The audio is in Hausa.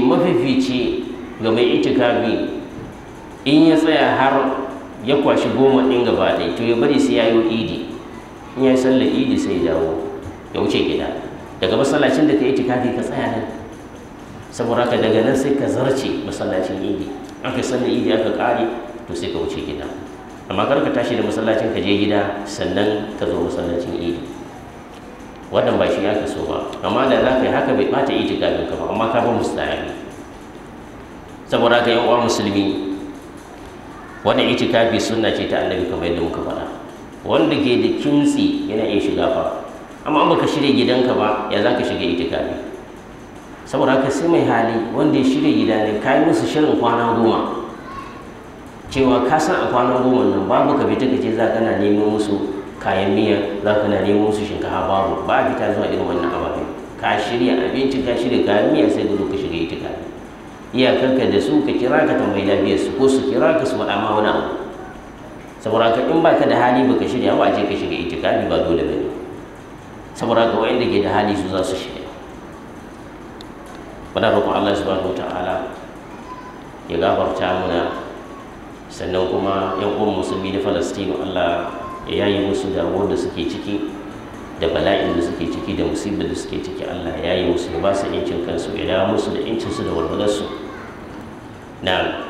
mafifici ga mai itikafi in ya tsaya har ya kwashi goma ɗin gaba ɗai to ya bari sai ya yi idi in ya yi sallar idi sai ya dawo ya wuce gida daga masallacin da ka yi itikafi ka tsaya nan saboda ka daga nan sai ka zarce masallacin idi An kai sallar idi aka ƙare to sai ka wuce gida amma kar ka tashi da masallacin ka je gida sannan ka zo masallacin idi wannan ba shi aka so ba amma da za ka yi haka bai bata itikadin ka ba amma ka ba ne. saboda ka yi uwa musulmi wannan itikafi suna ce ta annabi kamar yadda muka faɗa wanda ke da kintsi yana iya shiga fa amma an baka shirya gidanka ba ya za ka shiga itikafi saboda haka sai mai hali wanda ya shirya gida ne ka yi musu shirin kwana goma cewa ka san a kwana goma nan babu ka fita ka ce za ka na neman musu kayan miya za ka na nemo su shinkafa babu ba fita zuwa irin wannan ababen ka shirya abinci ka shirya kayan miya sai ka zo ka shiga itika da su ka kira ka tambayi lafiyar su ko su kira ka su faɗa ma wani abu saboda ka in baka da hali baka shirya ba a ce ka shiga itikafi ba dole ne. saboda ka da ke da hali su za su shirya na roƙo Allah ku ta'ala ya gafarta muna sannan kuma yan uwan musulmi na Falastinu Allah ya yi musu damuwar da suke ciki da bala'in da suke ciki da musibin da suke ciki Allah ya yi musu ba su yancin kansu ya dawo musu da yancin su da walwalar su na'am